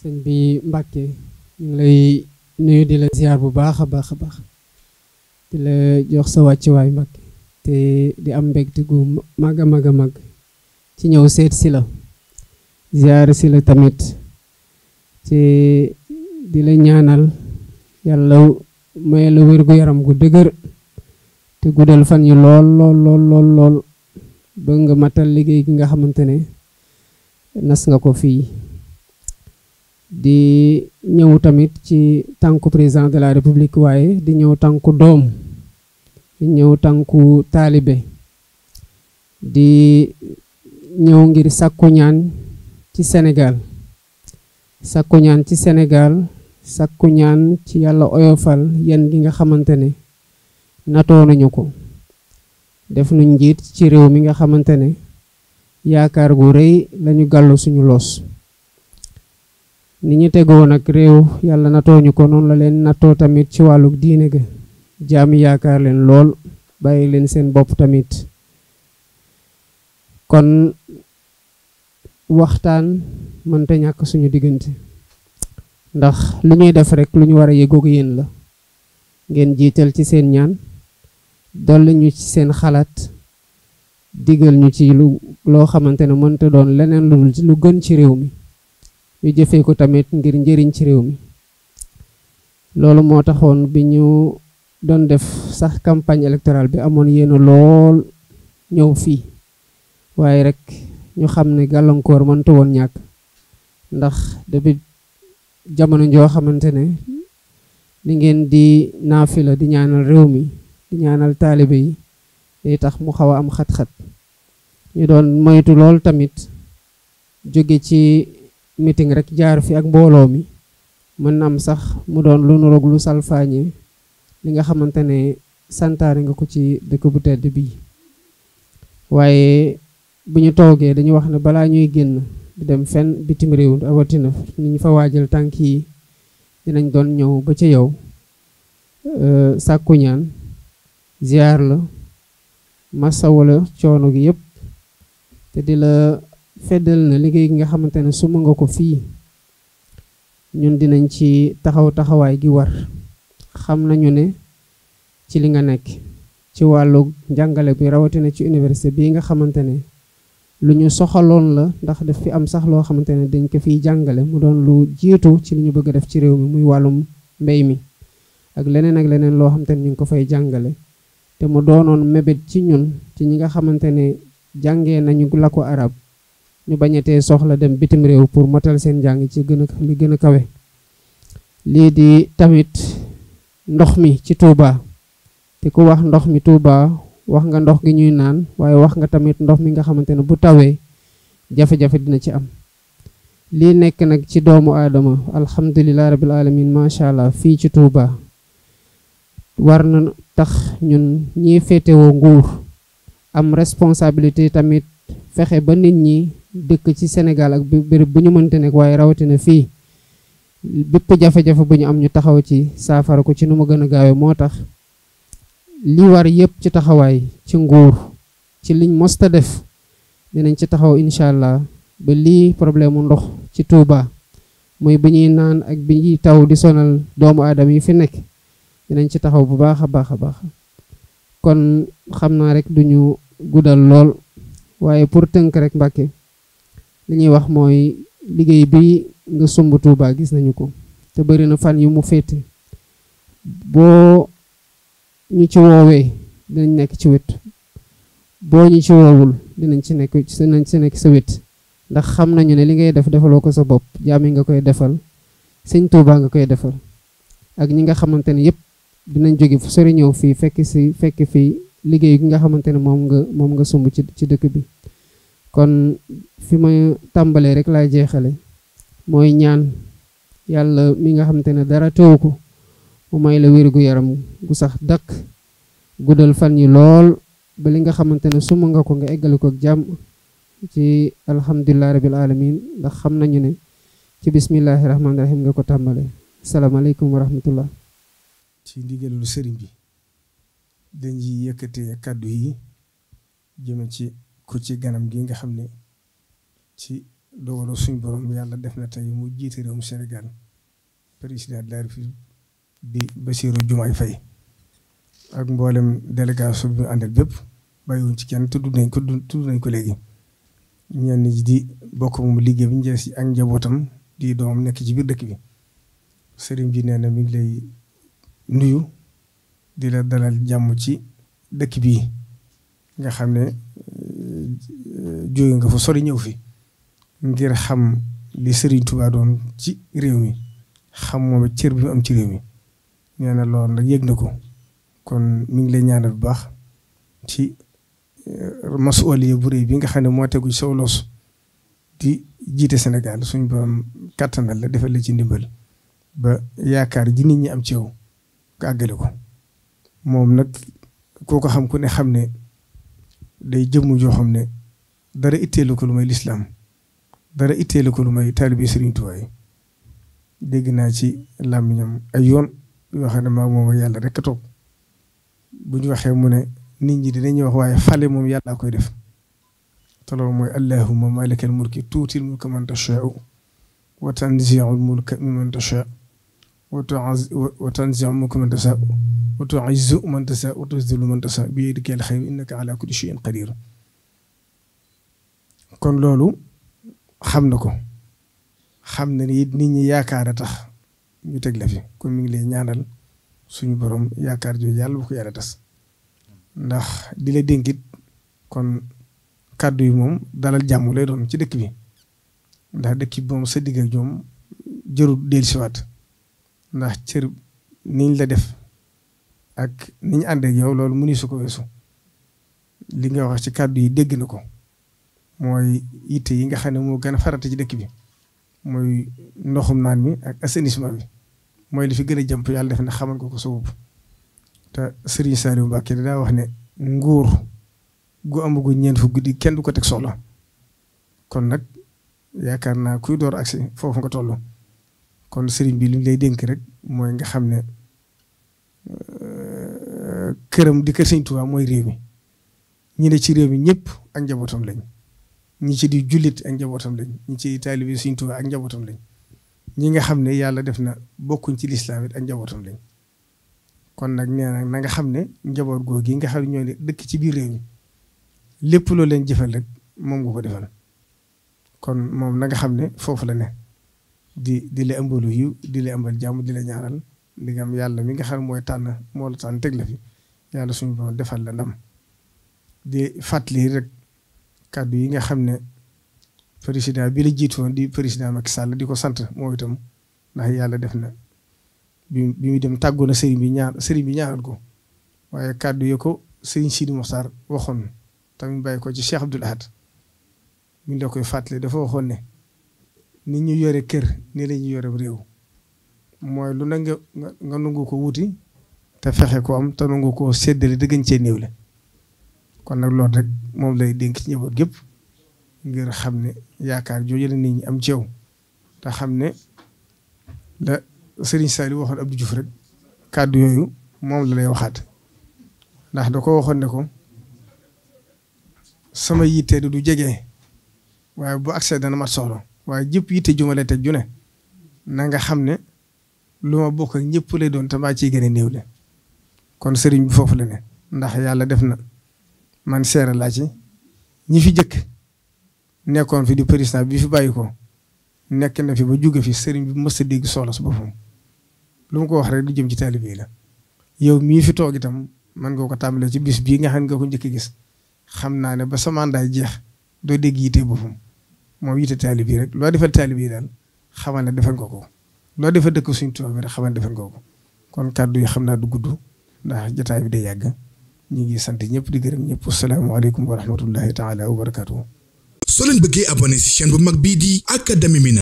sëñ bi Mbàkke ñu lay nuyu di la ziar bu baax a baax di la jox sa wàccuwaay Mbàkke te di am mbégte gu maga maga mag a mag ci ñëw seet si la ziar si la tamit te di la ñaanal yàlla may la wér gu yaram gu dëgër te guddal fan yi lool lool lool lool lool ba nga matal liggéey gi nga xamante nas nga ko fii di ñëw tamit ci tànku président de la république waaye di ñëw tànku doom di ñëw tànku taalibe di ñëw ngir sàkku ñaan ci Sénégal sàkku ñaan ci Sénégal sàkku ñaan ci yàlla oyofal yenn gi nga xamante ne natoo nañu ko def nu njiit ci réew mi nga xamante ne yaakaar gu rëy lañu gàllu suñu loos ni ñu tegoon ak réew yàlla natoo ñu ko noonu la leen natoo tamit ci wàllu diine ga jaam yaakaar leen lool bàyyi leen seen bopp tamit kon waxtaan mënta ñàkk suñu diggante ndax lu ñuy def rek lu ñu war a yëgoog yéen la ngeen jiital ci seen ñaan dolli ñu ci seen xalaat digal ñu ci lu loo xamante ne mënta doon leneen lu lu gën ci réew mi ñu jëfee ko tamit ngir njëriñ ci réew mi loolu moo taxoon bi ñu doon def sax campagne électorale bi amoon yéena lool ñëw fii waaye rek ñu xam ne gàllankoor mënta woon ñàkk ndax depuis jamono joo xamante ne li ngeen di naafila di ñaanal réew mi di ñaanal taalibe yi day tax mu xaw a am xat-xat ñu doon moytu lool tamit jóge ci meeting rek jaar fi ak mbooloo mi mën na am sax mu doon lu nu roog lu salfaañe li nga xamante ne santaane nga ko ci dëkk bu tedd bii waaye bu ñu toogee dañu wax ne balaa ñuy génn di dem fenn bitim réew awatina nu ñu fa waajal tànk yi dinañ doon ñëw ba ci yow sàkku ñaan la massa wala coono gi yëpp te di la feddal na liggéey gi nga xamante ne suma nga ko fii ñun dinañ ci taxaw taxawaay gi war xam nañu ne ci li nga nekk ci wàllu jàngale bi rawatina ci université bii nga xamante ne lu ñu soxaloon la ndax daf fi am sax loo xamante ne dañ ko fiy jàngale mu doon lu jiitu ci li ñu bëgg a def ci réew mi muy wàllum mbéy mi ak leneen ak leneen loo xamante ne ñu ngi ko fay jàngale te mu doonoon mébét ci ñun ci ñi nga xamante ne jàngee nañu la ko arab ñu bañatee soxla dem bitim réew pour motal seen njàng ci gëna li gëna kawé di tamit ndox mi ci Touba te ku wax ndox mi Touba wax nga ndox gi ñuy naan waaye wax nga tamit ndox mi nga bu tawé jafe-jafe dina ci am lii nekk nag ci doomu aadama alhamdulilah rabil alamin macha allah fii ci Touba war na tax ñun ñi nguur am responsabilité tamit fexe ba nit ñi dëkk ci Sénégal ak béréb bu ñu mënte nekk waaye rawatina fii bépp jafe-jafe bu ñu am ñu taxaw ci saafara ko ci nu ma gën a gaawee moo tax li war yëpp ci taxawaay ci nguur ci liñ mosta def dinañ ci taxaw incha allah ba lii problème mu ndox ci Touba mooy bi ñuy naan ak bi ñuy taw di sonal doomu aadama yi fi nekk dinañ ci taxaw bu baax a baax a baax kon xam naa rek duñu guddal lool waaye pour tënk rek Mbàkke li ñuy wax mooy liggéey bi nga sumb Touba gis nañu ko te bëri na fan yu mu féete boo ñu ci woowee dinañ nekk ci wet boo ñu ci woowul dinañ ci nekk ci nekk sa wet ndax xam nañu ne li ngay def defaloo ko sa bopp jaam yi nga koy defal sëñ Touba nga koy defal ak ñi nga xamante ne yëpp dinañ jóge fu sori ñëw fii fekk si fekk fii liggéey gi nga xamante ne moom nga moom nga sumb ci ci dëkk bi kon fi may tàmbalee rek la jeexale moy ñaan yalla mi nga xamante ne dara tewuko mu may la wér gu yaram gu sax dak gudal fan yi lool ba li nga xamante ne suma nga ko nga eggale ko ak jàmm ci alhamdulilah rabbil alamin ndax xam nañu ne ci bismillahir rahmanir rahim nga ko assalamu alaykum wa rahmatullah ci lu sëriñ bi yi yëkkatee kaddu yi jëme ci ku ci ganam gi nga xam ne ci dogalu suñ borom yàlla def na tey mu jiite réewum Sénégal président de la République di Bassirou Diomaye ak mboolem délégation bi ñu àndal bépp bàyyiwuñ ci kenn tudd nañ ko tudd nañ ko léegi. ñenn ji di bokk moom liggéey bi ñu si ak njabootam di doomam nekk ci biir dëkk bi sëriñ bi nee na mi ngi lay nuyu di la dalal jàmm ci dëkk bi nga xam ne jóge nga fa sori ñëw fi ngir xam li sëriñ tubaadoon ci réew mi xam moom cër bi mu am ci réew mi nee na loolu nag yëg na ko kon mi ngi lay ñaanal bu baax ci eh, masuwaliya bu réy bi nga xam ne moo tegu soo loos di jiite Sénégal suñ borom kàttanal la defal la ci ndimbal ba yaakaar ji nit ñi am ci yow nga àggale ko moom nag koo xam ku ne xam ne day jëmm joo xam ne dara itteelu ko lu may lislaam dara itteelu ko lu may taalibi Serigne Touba yi dégg naa ci làmmiñam ay yoon yoo xam ne maa moom yàlla rek a toog bu ñu waxee mu ne nit ñi dinañuy wax waaye fale moom yàlla koy def te loolu mooy allahumma malikal mulki tuutil mulka man tashaa'u wa tanziu mulka mimman tashaa'u wa tanziu mulka man tashaa'u wa tu'izzu man tashaa'u wa tuzillu man tashaa'u biyadikal khayru innaka ala kulli shay'in qadir kon loolu xam na ko xam na ni nit ñi yaakaara tax ñu teg la fi kon mi ngi lay ñaanal suñu borom yaakaar jooju yàlla bu ko yàlla tas ndax di la dénkit kon kàddu yi moom dalal jàmm lay doon ci dëkk bi ndax dëkk bi moom sa digg ak ñoom jërul dellusiwaat ndax cër niñ la def ak niñ ànd ak yow loolu mënisu ko weesu li nga wax ci kàddu yi dégg na mooy yitte yi nga xam ne moo gën a farata ci dëkk bi mooy ndoxum naan mi ak assainissement bi mooy li fi gën a jëmp yàlla def na xamal ko ko sa bopp te Serigne Saliou Mbacké daa wax ne nguur gu amagu ñeent fu guddi kenn du ko teg soxla kon nag yaakaar naa kuy door agsi foofu nga toll kon Serigne bii li ñu lay dénk rek mooy nga xam ne euh, këram di kër Serigne Touba mooy réew mi ñu ne ci réew mi ñëpp ak njabootam lañ. ñi ci di jullit ak njabootam lañ ñi ci di taalibe Sëriñ Tuubaa ak njabootam lañ ñi nga xam ne yàlla def na bokkuñ ci lislaam it ak njabootam lañ kon nag nee na na nga xam ne njaboot googu gi nga xam ne ñoo dëkk ci biir réew lépp loo leen jëfal rek moom nga ko defal kon moom na nga xam ne foofu la ne di di la ëmbalu yiw di la ëmbal jàmm di la ñaanal ndigam yàlla mi nga xam mooy tànn moo la tànn teg la fi yàlla suñu borom defal la ndam di fàttali rek kàddu yi nga xam ne président bi la jiitoon di président Macky sàll di ko sant moo itam ndax yàlla def na bi bi dem tàggoon na sëriñ bi ñaan sëriñ bi ñaanal ko waaye kàddu yi ko sëriñ Sidi Moxtaar waxoon tamit bàyyi ko ci Cheikh Abdoul Ahad mi la koy fàttali dafa waxoon ne nit ñu yore kër ni la ñu yore réew mooy lu na nga nga nangu ko wuti te fexe ko am te nangu ko séddale dëggañ cee néew la kon nag loolu rek moom lay dénk ci njaboot gépp ngir xam ne yaakaar jooju la nit ñu am ci yow te xam ne la Serigne Saliou waxoon Abdou Diouf rek kàddu yooyu moom la lay waxaat ndax da ko waxoon ne ko sama yitte du jege waaye bu accès dana mat solo waaye jëpp yitte ju te june teg na nga xam ne lu ma bokk ak ñëpp lay doon te ci gën a néew le kon Serigne bi foofu la ne ndax yàlla def na. man seere laa ci ñi fi jëkk nekkoon fi di président bi fi bàyyi ko nekk na fi ba jóge fi sëriñ bi mës a dégg soxla su boppam lu mu ko wax rek du jëm ci taalibe la yow mii fi toog itam man nga ko tàmbalee ci bis bii nga xam nga ko njëkk gis xam naa ne ba sa mandat jeex doo dégg yite boppam moom yite taalibe rek loo defal taalibe yi daal xamal ne defal nga ko loo defal dëkk suñu tool bi rek xamal ne defal nga ko kon kàddu yi xam naa du gudd ndax jotaay bi day yàgg. ñu ngi sant ñëpp di gërëm ñëpp salaamaaleykum wa rahmatullahi taala wa barakaatu. soo leen bëggee abonné si chaîne bu mag bii di académie Mina